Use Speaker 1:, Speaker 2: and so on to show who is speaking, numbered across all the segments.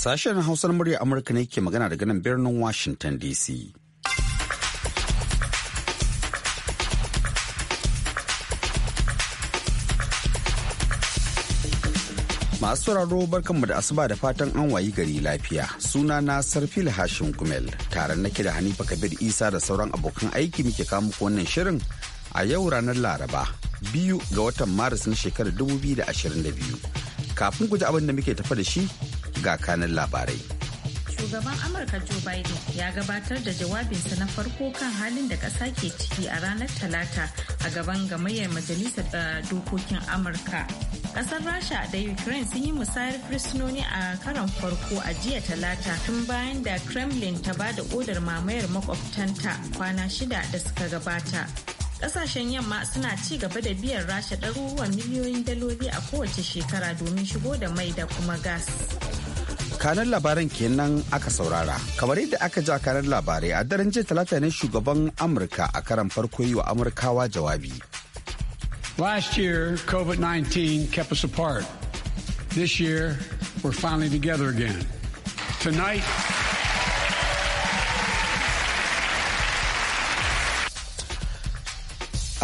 Speaker 1: Sashen Hausar murya Amurka ne ke magana daga nan birnin Washington DC. Masu sauraro barkanmu da asuba da fatan an wayi gari lafiya. Suna na Sarfil Hashim Gumel, tare nake da Hanifa Kabir Isa da sauran abokan aiki muke kawo muku wannan shirin a yau ranar Laraba, biyu ga watan Maris na shekarar 2022. Kafin guji abin da muke tafa da shi, ga kanin labarai.
Speaker 2: Shugaban Amurka Joe Biden ya gabatar da jawabinsa na farko kan halin da ƙasa ke ciki a ranar Talata a gaban gamayyar Majalisar eh, Dokokin Amurka. Ƙasar Rasha da Ukraine sun yi musayar fursunoni a karon farko a jiya Talata tun bayan da Kremlin ta ba da odar mamayar makwabtanta kwana shida da suka gabata. kasashen yamma suna ci gaba da biyan rasha ɗaruruwan miliyoyin daloli a kowace shekara domin shigo da mai da kuma gas.
Speaker 1: kanan labaran kenan aka saurara kamar yadda aka ji a kanan labarai a daren jiya talata ne shugaban amurka a karan farko yi wa amurkawa jawabi
Speaker 3: last year covid-19 kept us apart this year we're
Speaker 1: finally together again tonight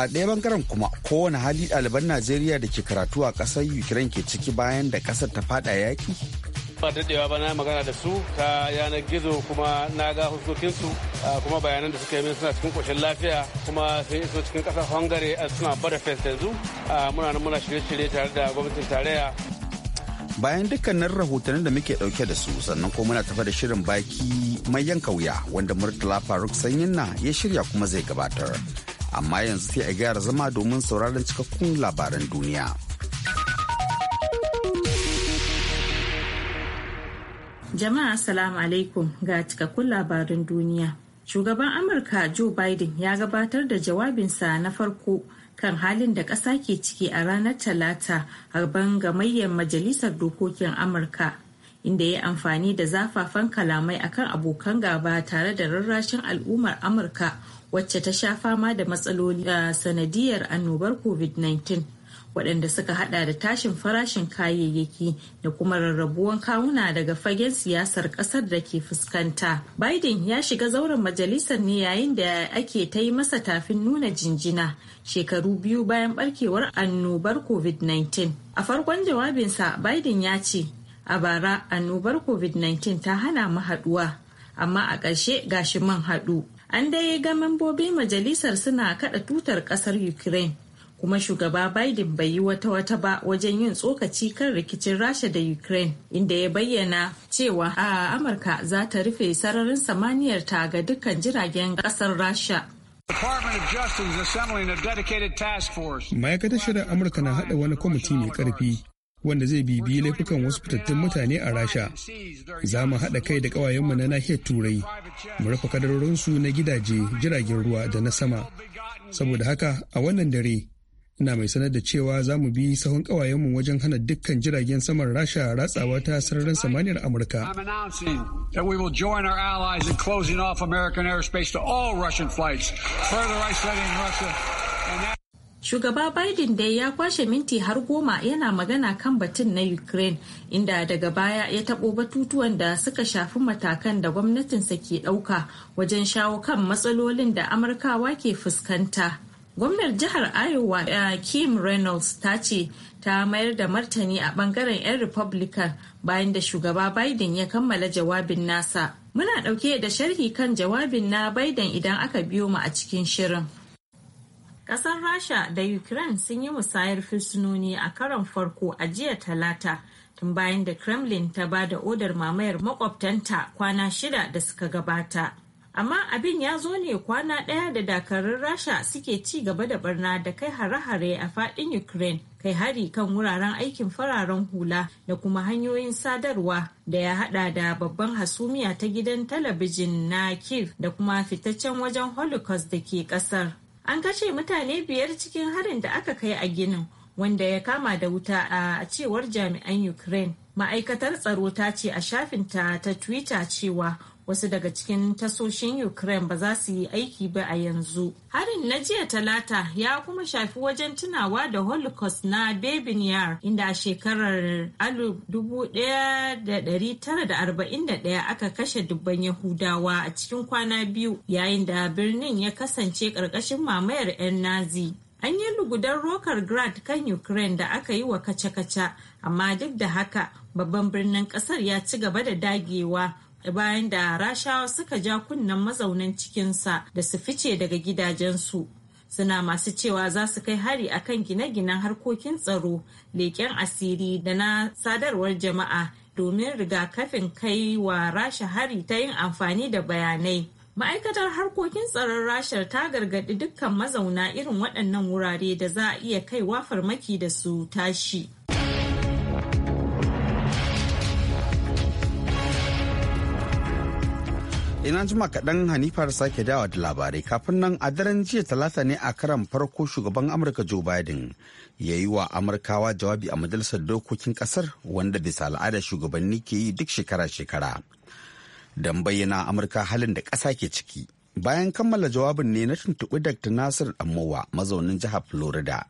Speaker 1: a ɗaya bangaren kuma kowane hali ɗaliban najeriya da ke karatu a ƙasar ukraine ke ciki bayan da ƙasar ta fada yaƙi
Speaker 4: ba daɗewa ba na magana da su ta yanar gizo kuma na ga huskokinsu kuma bayanan da suka yi suna cikin ƙoshin lafiya kuma sun iso cikin ƙasa hungary suna bada fest yanzu muna nan muna shirye-shirye tare da gwamnatin tarayya
Speaker 1: bayan dukkanin rahotannin da muke dauke da su sannan ko muna tafa da shirin baki mai yanka wuya wanda murtala faruk sanyin na ya shirya kuma zai gabatar amma yanzu sai a gyara zama domin sauraron cikakkun labaran
Speaker 2: duniya Jama'a Assalamu alaikum ga cikakkun labarin duniya. Shugaban Amurka Joe Biden ya gabatar da jawabinsa na farko kan halin da ƙasa ke ciki a ranar Talata ban gamayyar Majalisar Dokokin Amurka, inda ya amfani da zafafan kalamai akan abokan gaba tare da rarrashin al'ummar Amurka wacce ta sha fama da matsaloli a sanadiyar annobar COVID-19. waɗanda suka hada da tashin farashin kayayyaki da kuma rarrabuwan kawuna daga fagen siyasar ƙasar da ke fuskanta. Biden ya shiga zauren majalisar ne yayin da ake ta yi masa tafin nuna jinjina shekaru biyu bayan barkewar annobar COVID-19. A farkon jawabinsa Biden ya ce, a bara annobar COVID-19 ta hana mu haɗuwa, amma a ƙarshe gashi man haɗu. An dai ga membobin majalisar suna kaɗa tutar ƙasar Ukraine. kuma shugaba biden bai yi wata wata ba wajen yin tsokaci kan rikicin rasha da ukraine inda ya bayyana cewa a amurka za ta rufe sararin samaniyar ta ga dukkan jiragen kasar rasha
Speaker 3: ma'aikatar shirin amurka na hada wani kwamiti mai karfi wanda zai bibiyi laifukan wasu fitattun mutane a rasha za mu hada kai da kawayenmu na nahiyar turai mu rufe kadarorinsu na gidaje jiragen ruwa da na sama saboda haka a wannan dare ina mai sanar da cewa za mu bi sahun kawayenmu wajen hana dukkan jiragen saman rasha ratsawa ta sararin samaniyar amurka
Speaker 2: Shugaba Biden dai ya kwashe minti har goma yana magana kan batun na Ukraine inda daga baya ya taɓo batutuwan da suka shafi matakan da gwamnatinsa ke ɗauka wajen shawo kan matsalolin da Amurkawa ke fuskanta. gwamnar jihar iowa eh, kim reynolds ta ce ta mayar da martani a bangaren 'yan republican bayan da shugaba biden ya kammala jawabin nasa muna dauke da sharhi kan jawabin na biden idan aka biyo mu a cikin shirin kasar rasha da ukraine sun yi musayar fursunoni a karon farko a jiya talata tun bayan da kremlin ta ba da odar mamayar makwabtanta kwana shida da suka gabata amma abin ya zo ne kwana ɗaya da dakarun rasha suke ci gaba da barna da kai hare-hare a faɗin ukraine kai hari kan wuraren aikin fararen hula da kuma hanyoyin sadarwa da ya hada da babban hasumiya ta gidan talabijin na kiev da kuma fitaccen wajen holocaust da ke ƙasar an kashe mutane biyar cikin harin da aka kai a ginin wanda ya kama da wuta a cewar jami'an ukraine ma'aikatar tsaro ta ce a shafinta ta twitter cewa wasu daga cikin tasoshin ukraine ba za su yi aiki ba a yanzu harin na jiya talata ya kuma shafi wajen tunawa da holocaust na babin yar inda a shekarar 1941 aka kashe dubban yahudawa a cikin kwana biyu yayin da birnin ya kasance ƙarƙashin mamayar 'yan nazi an yi lugudan rokar grad kan ukraine da aka yi wa kace-kace amma duk da haka babban birnin kasar ya ci gaba da dagewa bayan da rashawa suka ja kunnen mazaunan cikinsa da su fice daga gidajensu suna masu cewa za su kai hari akan gine-ginen harkokin tsaro leƙen asiri da na sadarwar jama'a domin rigakafin kai wa rasha hari ta yin amfani da bayanai ma'aikatar harkokin tsaron rashar ta gargaɗi dukkan mazauna irin waɗannan wurare da za a iya kaiwa farmaki da su tashi
Speaker 1: ina jima kaɗan hanifar sake dawa da labarai kafin nan a daren jiya talata ne a karan farko shugaban amurka joe biden ya yi wa amurkawa jawabi a majalisar dokokin ƙasar wanda bisa al'ada shugabanni ke yi duk shekara-shekara don bayyana amurka halin da ƙasa ke ciki bayan kammala jawabin ne na tuntuɓi dr nasir amowa mazaunin jihar florida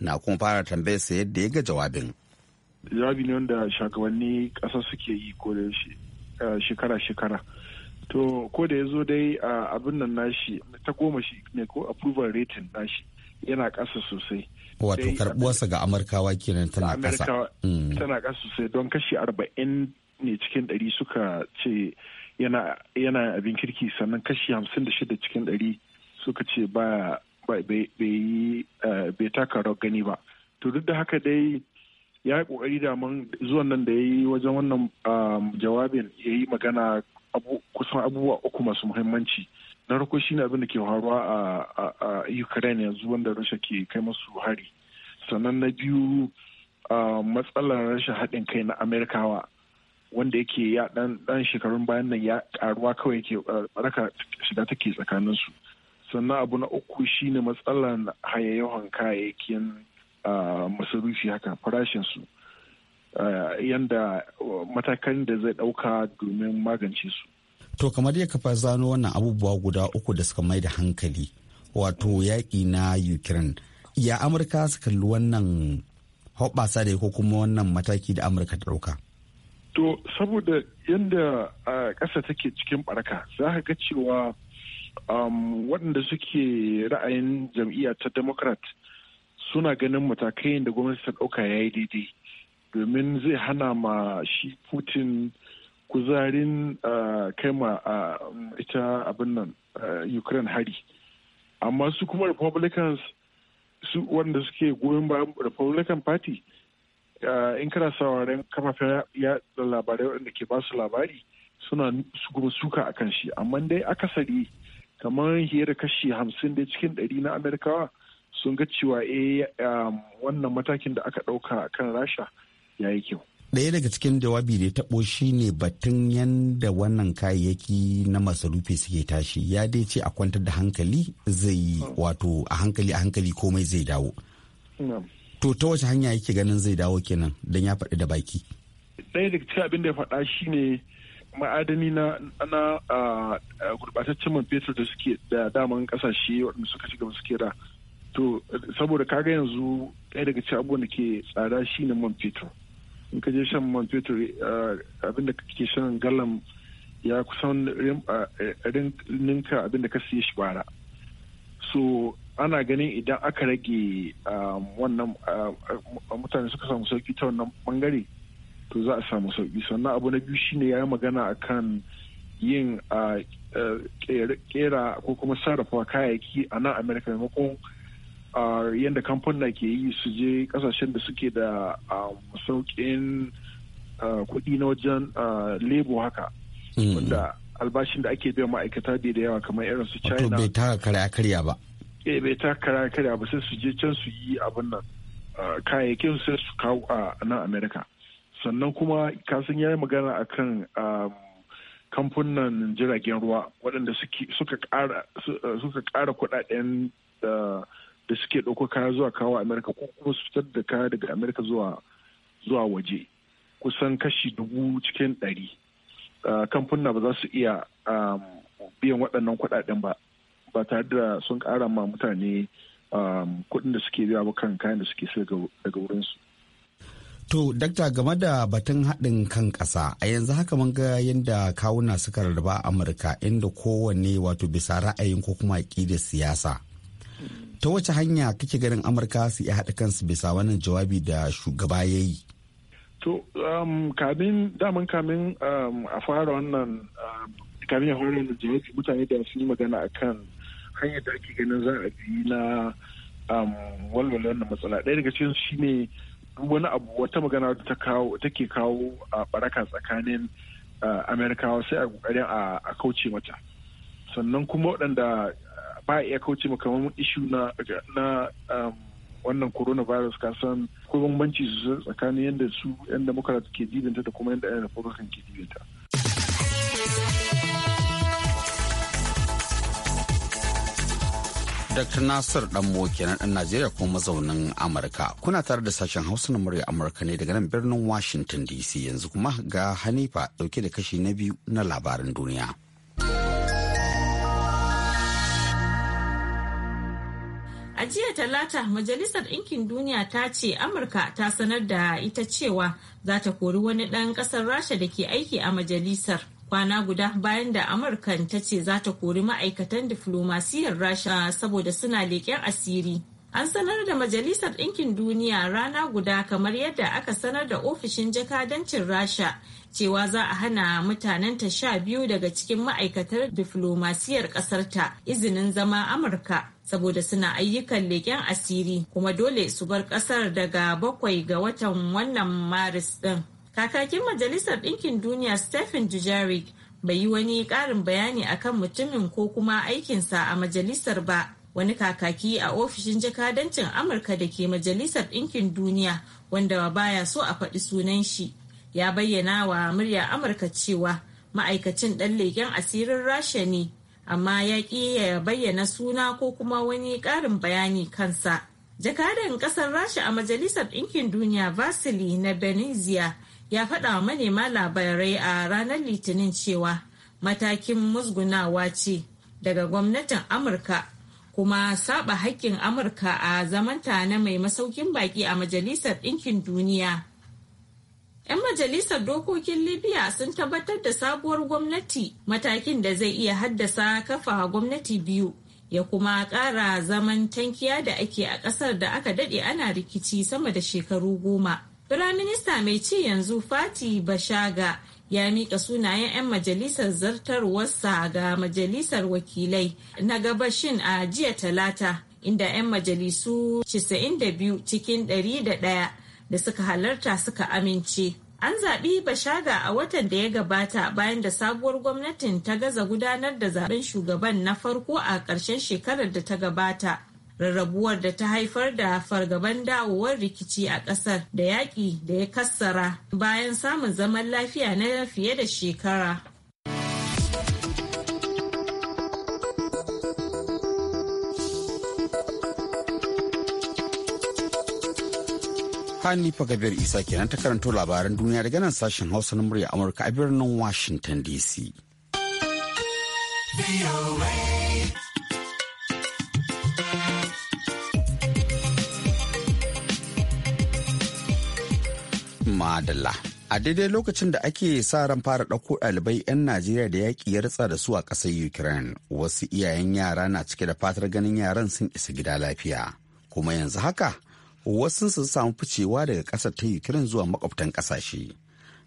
Speaker 1: na kuma fara tambayar sa yadda ya ga jawabin
Speaker 5: jawabi ne wanda shugabanni ƙasa suke yi ko da eh, shekara-shekara to ko da ya zo dai abin nan nashi ta goma shi ne ko approval rating nashi yana ƙasa sosai wato
Speaker 1: karbuwarsa ga amurkawa kenan tana ƙasa mm.
Speaker 5: tana ƙasa sosai don kashi arba'in ne cikin ɗari suka ce yana abin kirki sannan kashi hamsin da shida cikin ɗari suka ce bai taka rau gani ba to duk da haka dai ya yi kokari da zuwan nan da ya yi wajen wannan jawabin ya yi magana kusan abubuwa uku masu muhimmanci na farko shine abin da ke faruwa a ukraine yanzu wanda rasha ke kai masu hari sannan na biyu matsalar rashin haɗin kai na amerikawa wanda yake ya dan shekarun bayan nan ya karuwa kawai yake raka shiga take tsakanin su sannan abu na uku shine matsalar hayayyawan kayayyakin masarufi haka farashin su Eh, yadda eh, matakan da zai ɗauka domin magance su.
Speaker 1: To kamar ya kafa zano wannan abubuwa guda uku da suka mai da hankali wato yaƙi na Ukraine. Ya Amurka su kalli wannan hobasa da ko kuma wannan mataki da Amurka ta ɗauka.
Speaker 5: To saboda yadda eh, ƙasa take cikin ɓarka za ka ga cewa um, waɗanda suke ra'ayin jam'iyya ta Democrat suna ganin matakai da gwamnati ta ɗauka ya yi daidai. domin zai hana ma shi putin kuzarin ah, kai ma ah, ita abin nan ah, ukraine hari amma su kuma republicans su wanda suke goyon bayan republican party in kana sauraren kafafen yada labarai waɗanda ke ba su labari suna kuma suka akan shi amma dai akasari kamar hiyar kashi hamsin da cikin ɗari na amerikawa sun ga cewa eh, wannan matakin da aka ɗauka kan rasha ya yi kyau
Speaker 1: ɗaya daga cikin jawabi da ya taɓo shi ne batun yadda wannan kayayyaki na masarufi suke tashi ya dai ce a kwantar da hankali zai wato a hankali a hankali komai zai dawo to ta wace hanya yake ganin zai dawo kenan don ya faɗi da baki
Speaker 5: ɗaya daga cikin abin da ya faɗa shi ne ma'adani na na gurɓataccen man fetur da suke da daman ƙasashe waɗanda suka ci gaba suke da to saboda kaga yanzu ɗaya daga cikin abubuwan da ke tsada shi ne man fetur in ka je shan man fetur eh, abin da kake shan galan ya kusan eh, ninka abin da ka siye shi bara so ana ganin idan aka rage um, wannan eh, mutane suka samu sauki ta wannan bangare to za a samu sauki sannan abu na biyu shine ya yi magana a kan yin kera ko kuma sarrafa kayayyaki a nan amerika maimakon yadda kamfanin ke yi su je kasashen da suke da sauƙin kuɗi na wajen lebo haka hmm. wanda albashin da ake biya ma'aikata bai da yawa kamar irin su china bai
Speaker 1: ta karya karya ba
Speaker 5: eh bai ta karya karya ba sai su je can su yi abin nan kayayyakin sai su kawo a nan america sannan kuma kasan ya yi magana akan kamfunan jiragen ruwa waɗanda suka ƙara kuɗaɗen da suke ɗauko kaya zuwa kawo amerika ko kuma su fitar da kaya daga amerika zuwa zuwa waje kusan kashi dubu cikin ɗari kamfuna ba za su iya um, biyan waɗannan kuɗaɗen ba ba tare da sun ƙara ma mutane um, kuɗin da suke biya ba kan kayan da suke sai daga wurinsu.
Speaker 1: To, dakta game da batun haɗin kan ƙasa, a yanzu haka mun ga yadda kawuna suka rarraba Amurka inda kowanne wato bisa ra'ayin ko kuma da siyasa ta wace hanya kake ganin amurka su iya haɗa kansu bisa wannan jawabi da shugaba ya yi
Speaker 5: to um, kamin daman kamin um, a fara wannan um, kamin ya fara wannan jawabi mutane da sun yi magana kan hanyar da ake ganin za a bi na walwala wannan matsala ɗaya daga cikin ne wani abu wata magana ta kawo take kawo a baraka tsakanin uh, amerikawa sai a kokarin a kauce mata sannan kuma waɗanda ba iya kauce ma kamar ishu na na um, wannan coronavirus ka san ko bambanci tsakanin yadda su yan democrat ke jibinta da kuma yadda yan republican ke jibinta.
Speaker 1: Dr. Nasir Danmo kenan ɗan Najeriya kuma mazaunin Amurka. Kuna tare da sashen Hausa na murya Amurka ne daga nan birnin Washington DC yanzu kuma ga Hanifa ɗauke da kashi na biyu na labarin duniya.
Speaker 2: A jiya Talata, Majalisar Ɗinkin Duniya ta ce Amurka ta sanar da ita cewa za ta kori wani ɗan ƙasar Rasha da ke aiki a majalisar. Kwana guda bayan da Amurkan ta ce za ta kori ma'aikatan diflomasiyyar Rasha saboda suna leƙen asiri. An sanar da Majalisar Ɗinkin Duniya rana guda kamar yadda aka sanar da ofishin jakadancin Rasha cewa za a hana mutanenta sha biyu daga cikin ma'aikatar diflomasiyar ƙasarta izinin zama Amurka saboda suna ayyukan leƙen asiri kuma dole su bar ƙasar daga bakwai ga watan wannan Maris ɗin. Kakakin Majalisar Ɗinkin Duniya Stephen Dujarric bai yi wani ƙarin bayani akan mutumin ko kuma aikinsa a majalisar ba. wani kakaki a ofishin jakadancin amurka da ke majalisar ɗinkin duniya wanda baya so a faɗi sunan shi ya bayyana wa murya amurka cewa ma'aikacin ɗan leƙen asirin rasha ne amma ya ƙi ya bayyana suna ko kuma wani ƙarin bayani kansa jakadan ƙasar rasha a majalisar ɗinkin duniya vasili na benizia ya faɗa wa manema labarai a ranar litinin cewa matakin musgunawa ce daga gwamnatin amurka kuma saba haƙƙin amurka a zamanta na mai masaukin baƙi a majalisar ɗinkin duniya 'yan majalisar dokokin libya sun tabbatar da sabuwar gwamnati matakin da zai iya haddasa kafa gwamnati biyu ya kuma ƙara zaman tankiya da ake a ƙasar da aka daɗe ana rikici sama da shekaru goma. Firaminista mai ci yanzu Fati Bashaga ya miƙa sunayen 'yan majalisar zartarwarsa ga majalisar wakilai na gabashin a jiya talata inda 'yan majalisu 92 cikin 101 da suka halarta suka amince an zaɓi bashaga a watan da ya gabata bayan da sabuwar gwamnatin ta gaza gudanar da zaben shugaban na farko a ƙarshen shekarar da ta gabata rarrabuwar da ta haifar da fargaban dawowar rikici a ƙasar da yaƙi da ya kassara bayan samun zaman lafiya na fiye da shekara.
Speaker 1: hannifa Gabiyar Isa kenan ta karanto labaran duniya daga nan sashen Hausa na murya Amurka a birnin Washington DC. Madalla. A daidai lokacin da ake sa ran fara ɗauko ɗalibai 'yan Najeriya da yaƙi ya ritsa da su a ƙasar Ukraine, wasu iyayen yara na cike da fatar ganin yaran sun isa gida lafiya. Kuma yanzu haka, wasu sun samu ficewa daga ƙasar ta Ukraine zuwa makwabtan ƙasashe.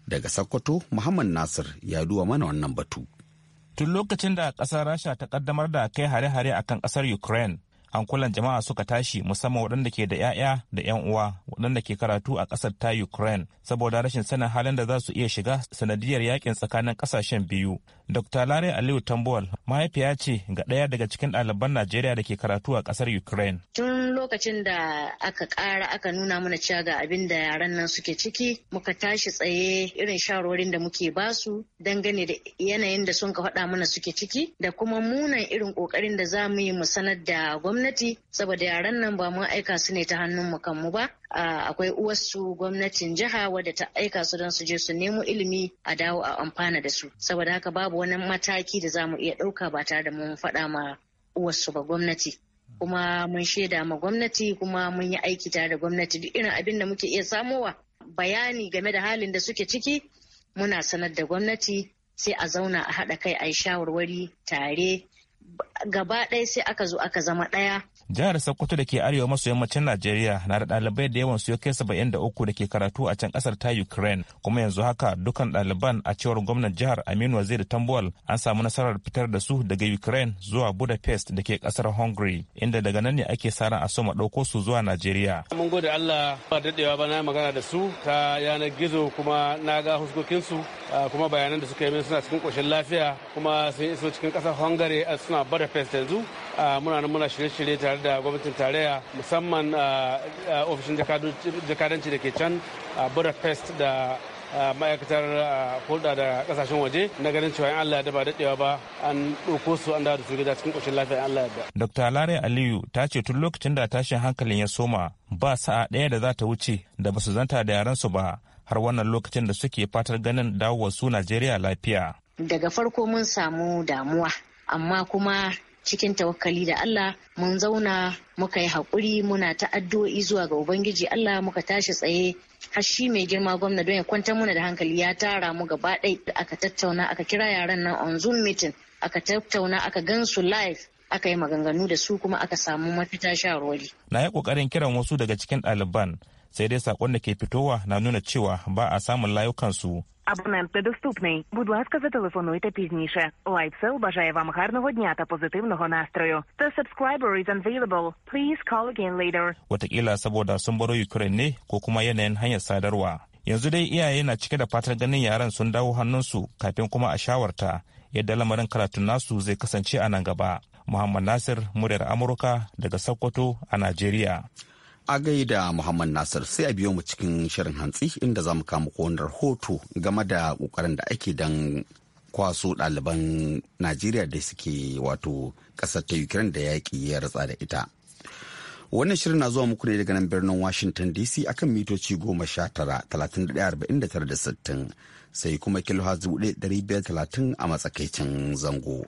Speaker 1: Daga Sokoto, Muhammad Nasir ya duba mana wannan batu.
Speaker 6: Tun lokacin da ƙasar Rasha ta ƙaddamar da kai hare-hare a kan ƙasar Ukraine, hankulan jama'a suka tashi musamman waɗanda ke da 'ya'ya da 'yan uwa waɗanda ke karatu a ƙasar ta ukraine saboda rashin sanin halin da za su iya shiga sanadiyar yakin tsakanin ƙasashen biyu dr lare aliyu tambuwal mahaifiya ce ga ɗaya daga cikin ɗaliban najeriya da ke karatu a ƙasar ukraine
Speaker 7: tun lokacin da aka ƙara aka nuna mana cewa ga abin da yaran nan suke ciki muka tashi tsaye irin shawarwarin da muke basu dangane da yanayin da sun ka faɗa mana suke ciki da kuma munan irin ƙoƙarin da za mu yi mu sanar da gwamnati gwamnati saboda yaran nan ba mu aika su ne ta hannun mu kanmu ba akwai uwarsu gwamnatin jiha wadda ta aika su don su je su nemo ilimi a dawo a amfana da su saboda haka babu wani mataki da za mu iya ɗauka ba tare da mun faɗa ma uwarsu ba gwamnati kuma mun shaida ma gwamnati kuma mun yi aiki tare da gwamnati duk irin abin da muke iya samowa bayani game da halin da suke ciki muna sanar da gwamnati sai a zauna a haɗa kai a yi shawarwari tare gaba ɗaya sai aka zo aka zama ɗaya.
Speaker 6: Jihar Sokoto da ke arewa maso yammacin Najeriya na da ɗalibai da yawan su ya kai saba'in da uku da ke karatu a can ƙasar ta Ukraine kuma yanzu haka dukkan ɗaliban a cewar gwamnan jihar Aminu Waziri Tambuwal an samu nasarar fitar da su daga Ukraine zuwa Budapest da ke ƙasar Hungary inda daga nan ne ake sa ran a soma ɗauko su zuwa Najeriya.
Speaker 4: Mun gode Allah ba daɗewa ba na magana da su ta yanar gizo kuma na ga huskokinsu kuma bayanan da suka yi min suna cikin ƙoshin lafiya kuma sun iso cikin ƙasar Hungary suna Budapest. fest yanzu muna nan muna shirye-shirye tare da gwamnatin tarayya musamman ofishin jakadanci da ke can budapest da ma'aikatar hulɗa da kasashen waje na ganin cewa in Allah da ba daɗewa ba an ɗauko su an dawo da su gida cikin ƙoshin lafiya Allah da.
Speaker 6: Dr. Lare Aliyu ta ce tun lokacin da tashin hankalin ya soma ba sa'a ɗaya da za ta wuce da ba su zanta da yaran su ba har wannan lokacin da suke fatar ganin dawowar su Najeriya lafiya.
Speaker 7: Daga farko mun samu damuwa amma kuma cikin tawakkali da Allah mun zauna muka yi haƙuri muna ta addu'o'i zuwa ga Ubangiji Allah muka tashi tsaye har shi mai girma gwamna don ya kwantar muna da hankali ya tara mu gaba ɗai aka tattauna aka kira yaran nan on Zoom meeting aka tattauna aka gansu live aka yi maganganu da su kuma aka samu mafita shawarwari.
Speaker 6: Na yi ƙoƙarin kiran wasu daga cikin ɗaliban sai dai saƙon da ke fitowa na nuna cewa ba a samun layukansu
Speaker 7: Абонент недоступний.
Speaker 2: Будь ласка, зателефонуйте пізніше. LightSell бажає вам гарного дня та позитивного настрою.
Speaker 5: The subscriber is unavailable. Please call again later.
Speaker 6: Wataƙila saboda sun baro Ukraine ne ko kuma yanayin hanyar sadarwa. Yanzu dai iyaye na cike da fatar ganin yaran sun dawo hannunsu kafin kuma a shawarta yadda lamarin karatun nasu zai kasance a nan gaba. Muhammad Nasir, muryar Amurka daga Sokoto a Najeriya.
Speaker 1: a gaida Muhammad Nasir sai a biyo mu cikin shirin hantsi inda za mu kama wani rahoto game da kokarin da ake dan kwaso ɗaliban Najeriya da suke wato ƙasar ta Ukraine da yaƙi ya ratsa da ita. Wannan shirin na zuwa muku ne daga nan birnin Washington DC akan mitoci goma sha tara talatin da ɗaya arba'in da tara da sittin sai kuma kilohaz buɗe ɗari biyar talatin a matsakaicin zango.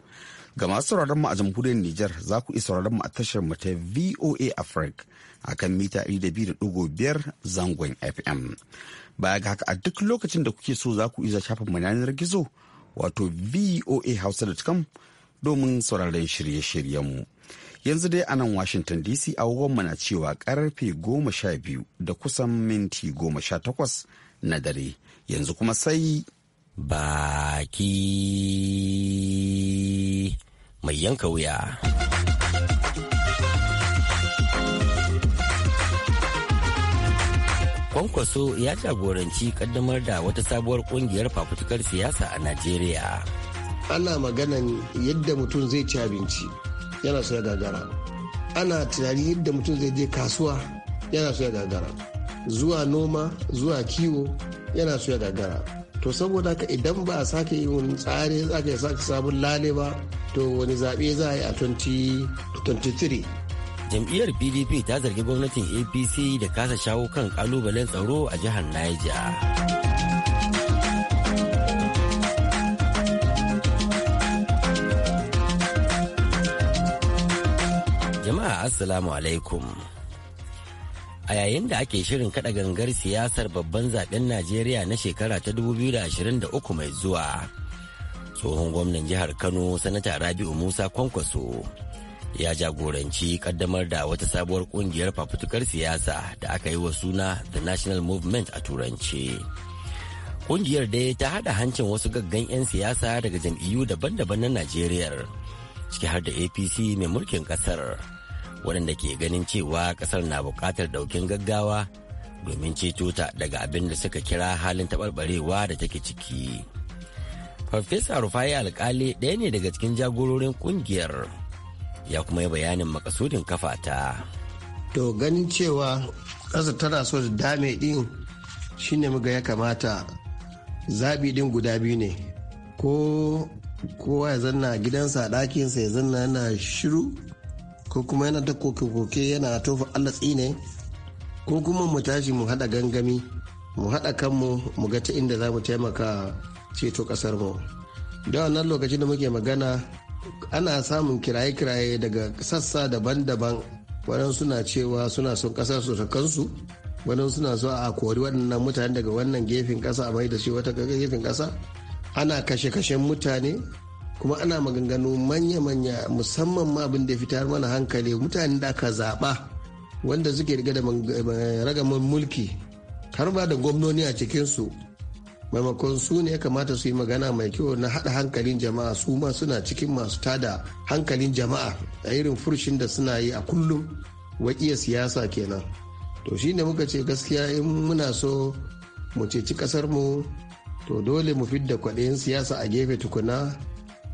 Speaker 1: Ga masu sauraron mu a jamhuriyar Nijar za ku iya sauraron mu a tashar mu ta VOA Africa a kan mita 200.5 zangon FM. Baya ga haka a duk lokacin da kuke so za ku iza shafin manyanar gizo wato voahausa.com domin sauraron shirye-shiryenmu. Yanzu dai a nan Washington DC agogonmu na cewa karfe goma sha biyu da kusan minti goma sha takwas na dare. Yanzu kuma sai baki mai yanka wuya.
Speaker 8: kwankwaso ya jagoranci kaddamar da wata sabuwar kungiyar fafutukar siyasa
Speaker 4: a najeriya ana maganan yadda mutum zai ci abinci yana so ya gagara ana tunani yadda mutum zai je kasuwa yana so ya gagara zuwa noma zuwa kiwo yana so ya gagara to saboda haka idan ba a sake yin tsari aka sake sabon lale ba to wani zaɓe za a yi a 2023
Speaker 8: jam'iyyar pdp ta zargi gwamnatin apc da kasa shawo kan kalubalen tsaro a jihar niger jama'a assalamu alaikum a yayin da ake shirin kada gangar siyasar babban zaben najeriya na shekara ta 2023 mai zuwa tsohon gwamnan jihar kano sanata rabi'u musa kwankwaso ya jagoranci kaddamar da wata sabuwar kungiyar fafutukar siyasa da aka yi wa suna the national movement a turanci kungiyar dai ta hada hancin wasu gaggan 'yan siyasa daga jam'iyyu daban-daban na najeriya ciki har da apc mai mulkin kasar waɗanda ke ganin cewa kasar na buƙatar daukin gaggawa domin ceto ta daga abin da suka kira halin taɓarɓarewa da take ciki farfesa rufai alkali ɗaya ne daga cikin jagororin kungiyar ya kuma yi bayanin makasudin kafa ta.
Speaker 4: To ganin cewa ƙasa tana so da dame ɗin shine muga ya kamata zabi ɗin guda biyu ne ko kowa ya zanna gidansa a ɗakinsa ya zanna yana shiru ko kuma yana ta koke-koke yana tofa Allah tsine ko kuma mu tashi mu haɗa gangami mu haɗa kanmu mu ga ta inda za mu taimaka ceto ƙasar mu. Da wannan lokacin da muke magana ana samun kiraye-kiraye daga sassa daban-daban wadansu suna cewa suna son ƙasar su ta kansu waɗansu suna so a kori waɗannan mutane daga wannan gefen ƙasa a mai da shi wata gefen ƙasa ana kashe-kashen mutane kuma ana maganganu manya-manya musamman ma abin da fitar mana hankali mutane da aka zaɓa wanda suke riga da ragamar mulki har ba da gwamnoni a cikinsu maimakon su ne ya kamata su yi magana mai kyau na hada hankalin jama'a su ma suna cikin masu tada hankalin jama'a a irin furshin da suna yi a kullum waƙiya siyasa kenan to shi ne muka ce gaskiya in muna so mu ceci kasar mu to dole mu fidda kwaɗayin siyasa a gefe tukuna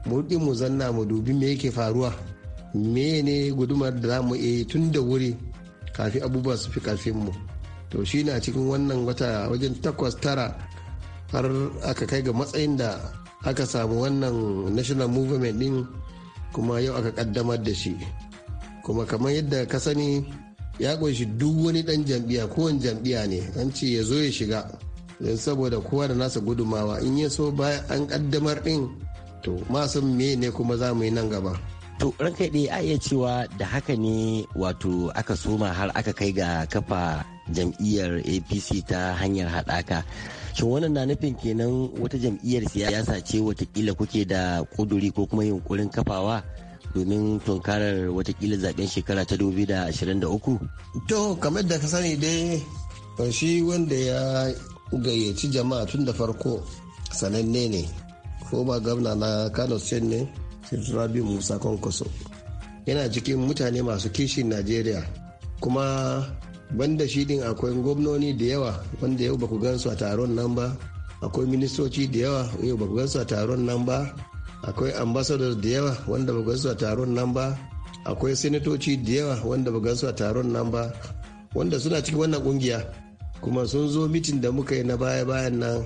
Speaker 4: mu mu zanna mu dubi me yake faruwa mene gudumar da za mu iya tun da wuri kafin abubuwa su fi karfin mu to shi na cikin wannan wata wajen takwas tara har aka kai ga matsayin da aka samu wannan national movement din kuma yau aka kaddamar da shi kuma kamar yadda ka sani ya kunshi duk wani dan jam'iyya kowane jam'iya ne an ce ya zo ya shiga don saboda kowa da nasa gudumawa in ya so bayan an kaddamar din to masun me ne kuma za mu yi nan gaba to ranka dai a iya
Speaker 8: cewa da haka ne wato aka soma har aka kai ga kafa jam'iyyar apc ta hanyar haɗaka shin wannan na nufin kenan wata jam'iyyar siyasa ce watakila kuke da kuduri ko kuma yunkurin kafawa domin tunkarar watakila zaben shekara ta 2023?
Speaker 4: To, kamar da ka sani dai shi wanda ya gayyaci jama'a tun da farko sananne ne, ko ba gwamna na Kano State ne, Rabi Musa kwankwaso Yana cikin mutane masu kishin Najeriya, kuma banda shi din akwai gwamnoni da yawa wanda yau baku gansu a taron nan ba akwai ministoci da yawa yau ba ku gansu a taron nan ba akwai ambassadors da yawa wanda ba ku gansu a taron nan ba akwai senatoci da yawa wanda ba gansu a taron nan ba wanda suna cikin wannan kungiya kuma sun zo mitin da muka yi na baya-bayan nan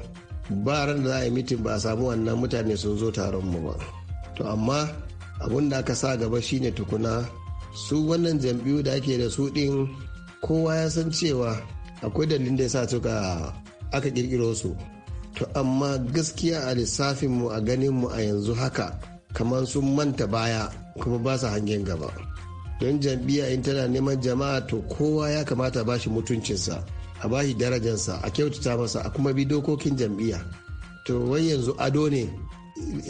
Speaker 4: ba ran da za a yi mitin ba a samu wannan mutane sun zo taron mu ba to amma abun da aka sa gaba shine tukuna su wannan jam'iyyu da ake da su din kowa ya san cewa akwai dalilin da ya sa suka aka kirkiro su to amma gaskiya a lissafin mu a ganin mu a yanzu haka kamar sun manta baya kuma ba su hangen gaba don jam'iyya in tana neman jama'a to kowa ya kamata ba shi mutuncinsa a ba shi darajarsa a kyautata masa a kuma bi dokokin jam'iyya to wai yanzu ado ne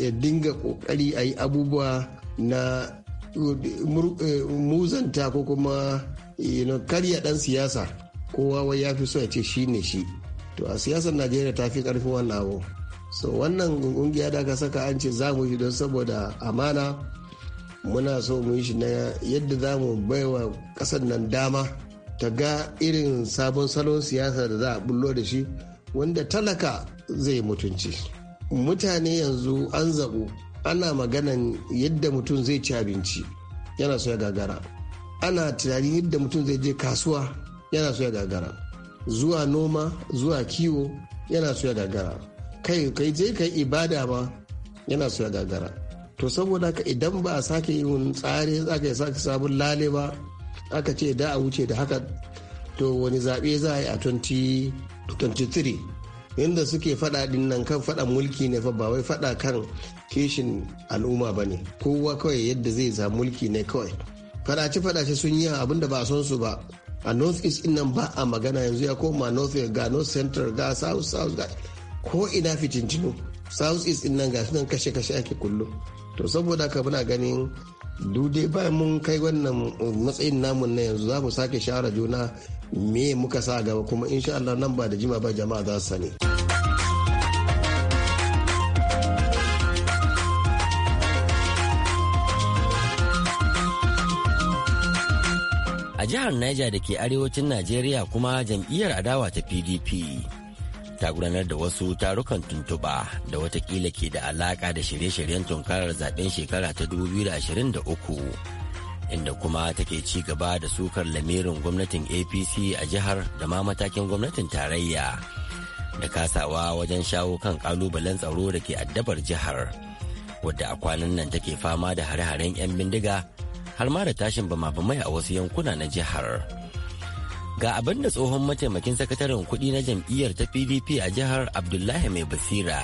Speaker 4: ya dinga kokari a yi abubuwa na eh, eh, muzanta ko kuma kar karya dan siyasa kowa wai ya fi so ya ce shi ne shi to a siyasar najeriya ta fi karfin wannan abu so wannan kungiya da aka saka an ce za mu yi don saboda amana muna so mu yi shi na yadda za mu baiwa kasar nan dama ta ga irin sabon salon siyasa da za a bullo da shi wanda talaka zai mutunci mutane yanzu an zabu ana maganan yadda mutum zai ci abinci yana so ya gagara ana tunanin yadda mutum zai je kasuwa yana so ya gagara zuwa noma zuwa kiwo yana so ya gagara kai kai je kai ibada ma yana so ya gagara to saboda ka idan ba a sake yin tsare aka sake sabon lale ba aka ce da a wuce da haka to wani zaɓe za a yi a 2023 yadda suke faɗa ɗin nan kan faɗan mulki ne fa ba wai faɗa kan kishin al'umma ba ne kowa kawai yadda zai za mulki ne kawai fadace-fadace sun yi abin da ba son su ba a north east nan ba a magana yanzu ya koma north east ga north central ga south south ga ko ina fitintinu south east nan ga sunan kashe-kashe ake kullum to saboda haka muna ganin dude ba mun kai wannan matsayin namun na yanzu za mu sake shawara juna me muka sa gaba kuma insha Allah nan ba da jima ba jama'a za su sani.
Speaker 8: a jihar niger da ke arewacin najeriya kuma jam'iyyar adawa ta pdp ta gudanar da wasu tarukan tuntuɓa da watakila ke da alaƙa da shirye-shiryen tunkarar zaben shekara ta 2023 inda kuma take ci gaba da sukar lamirin gwamnatin apc a jihar da ma matakin gwamnatin tarayya da kasawa wajen shawo kan kalubalen tsaro da ke addabar jihar wadda a kwanan nan take fama da hare-haren 'yan bindiga har ma da tashin bama-bamai a wasu yankuna na jihar. Ga abin da tsohon mataimakin sakataren kuɗi na jam'iyyar ta PDP a jihar Abdullahi Mai Basira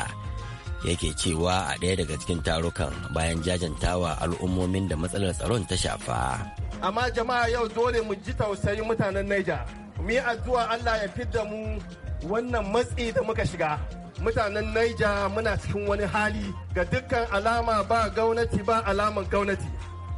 Speaker 8: yake cewa a ɗaya daga cikin tarukan bayan jajantawa al'ummomin da matsalar tsaron ta shafa.
Speaker 4: Amma jama'a yau dole mu ji tausayi mutanen Niger. Mu yi addu'a Allah ya fidda mu wannan matsi da muka shiga. mutanen Naija muna cikin wani hali ga dukkan alama ba gwamnati ba alaman gwamnati.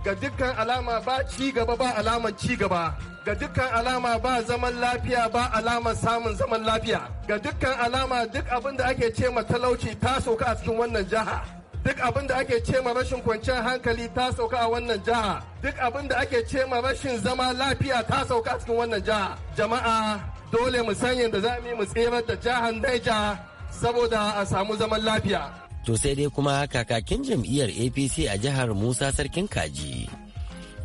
Speaker 4: ga dukkan alama ba ci gaba ba alaman ci gaba ga dukkan alama ba zaman lafiya ba alaman samun zaman lafiya ga dukkan alama duk abin da ake ce ma talauci ta sauka a cikin wannan jiha duk abin da ake ce ma rashin kwanciyar hankali ta sauka a wannan jiha duk abin da ake ce ma rashin zama lafiya ta sauka a cikin wannan jiha jama'a dole mu san yadda za mu yi mu tserar da jihar Niger saboda a samu zaman lafiya
Speaker 7: to
Speaker 8: sai dai kuma kakakin jam'iyyar apc a jihar musa sarkin kaji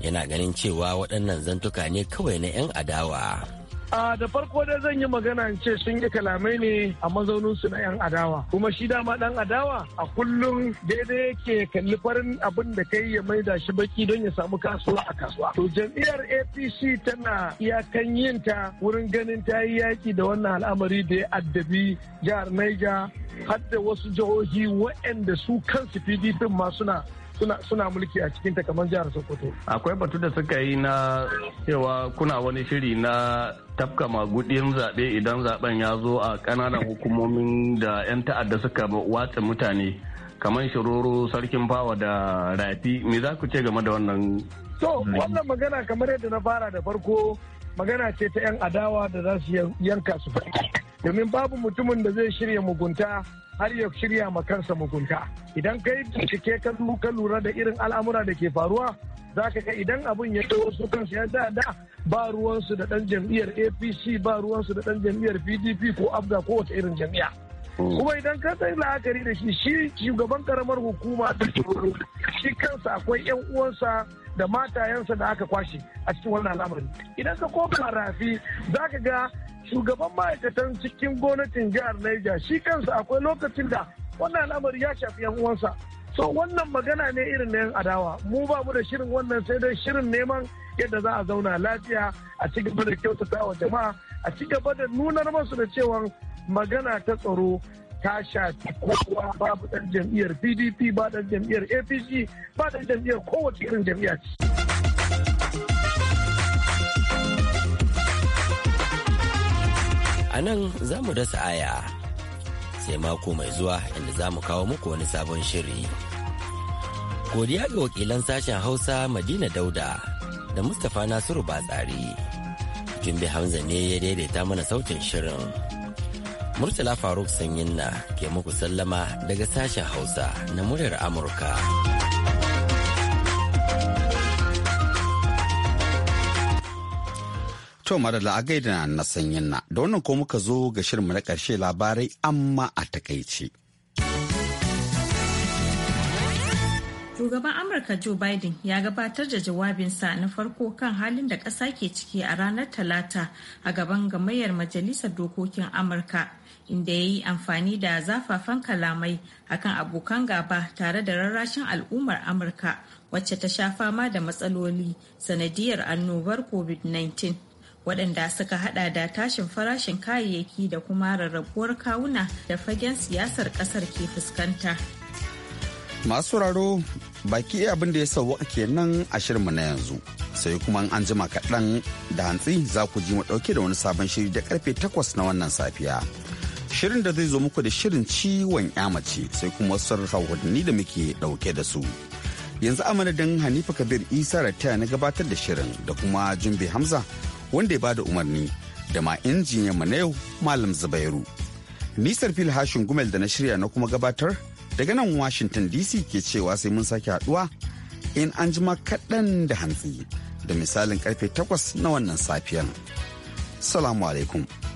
Speaker 8: yana ganin cewa waɗannan zantuka ne kawai na 'yan adawa.
Speaker 3: A da farko dai zan yi magana in ce sun yi kalamai ne a mazaunin su na 'yan adawa. Kuma shi dama dan adawa a kullum daidai yake kalli farin abin da kai ya maida shi baki don ya samu kasuwa a kasuwa. To jam'iyyar APC tana iyakan ta wurin ganin ta yi yaki da wannan al'amari da ya addabi jihar Niger har da wasu jihohi waɗanda su kansu PDP ma suna suna mulki a cikin ta kamar jihar Sokoto.
Speaker 4: Akwai batu da suka yi na cewa kuna wani shiri na tafka magudin zaɓe idan zaben ya zo a ƙananan hukumomin da 'yan ta'adda suka watsa mutane kamar shiroro sarkin fawa da rafi me za ku ce game da wannan to wannan
Speaker 3: magana kamar yadda na fara da farko magana ce ta 'yan adawa da za su yanka su domin babu mutumin da zai shirya mugunta har ya shirya ma kansa mugunta idan kai bincike ka lura da irin al'amura da ke faruwa za ka ga idan abun ya zo su kansu ya da ba ruwansu da dan jam'iyyar apc ba ruwansu da dan jam'iyyar pdp ko abga ko wata irin jam'iyya hmm. kuma idan ka sai la'akari da shi shi shugaban karamar hukuma da shi kansa akwai yan uwansa da matayensa da aka kwashe a cikin wannan al'amarin idan ka kofa rafi za ka ga shugaban ma'aikatan cikin gwamnatin jihar Niger shi kansa akwai lokacin da wannan al'amari ya shafi yan uwansa so wannan magana ne irin na yan adawa mu ba mu da shirin wannan sai dai shirin neman yadda za a zauna lafiya a ci gaba da kyautata wa jama'a a ci gaba da nunar masu da cewa magana ta tsaro ta shafi kowa babu dan jam'iyyar pdp ba dan jam'iyyar apc ba dan jam'iyyar kowace irin jam'iyya ce.
Speaker 8: nan za mu dasa aya sai mako mai zuwa inda za mu kawo muku wani sabon shiri. Godiya ga wakilan sashen Hausa Madina Dauda da Mustapha Nasiru Batsari. Jumbe Hamza ne ya daidaita mana sautin shirin. Murtala Faruk Sanyinna ke muku sallama daga sashen Hausa
Speaker 1: na muryar Amurka. To madalla a gaida na sanyin na da wannan ko muka zo ga shirinmu na karshe labarai amma a takaici.
Speaker 2: Shugaban Amurka Joe Biden ya gabatar da jawabinsa na farko kan halin da ƙasa ke ciki a ranar Talata a gaban gamayyar Majalisar Dokokin Amurka, inda ya yi amfani da zafafan kalamai akan abokan gaba tare da rarrashin al'ummar Amurka wacce ta sha fama da matsaloli sanadiyar annobar COVID-19. waɗanda suka hada da tashin farashin kayayyaki da kuma rarrabuwar kawuna da fagen siyasar ƙasar ke fuskanta.
Speaker 1: Masu raro baki abin da ya sauwaka nan a shirinmu na yanzu. Sai kuma an jima kaɗan da hantsi za ku ji mu ɗauke da wani sabon shiri da karfe takwas na wannan safiya. Shirin da zai zo muku da shirin ciwon mace sai kuma wasu da muke ɗauke da su. yanzu amadadin hanifa kabir isa rataya na gabatar da shirin da kuma jumbe hamza wanda ya bada umarni da ma injiniyan mu na yau Malam Zubairu. Nisar fil hashin gumel da na shirya na kuma gabatar daga nan Washington DC ke cewa sai mun sake haduwa in an jima kaɗan da hantsi da misalin karfe takwas na wannan safiyan. Salamu alaikum.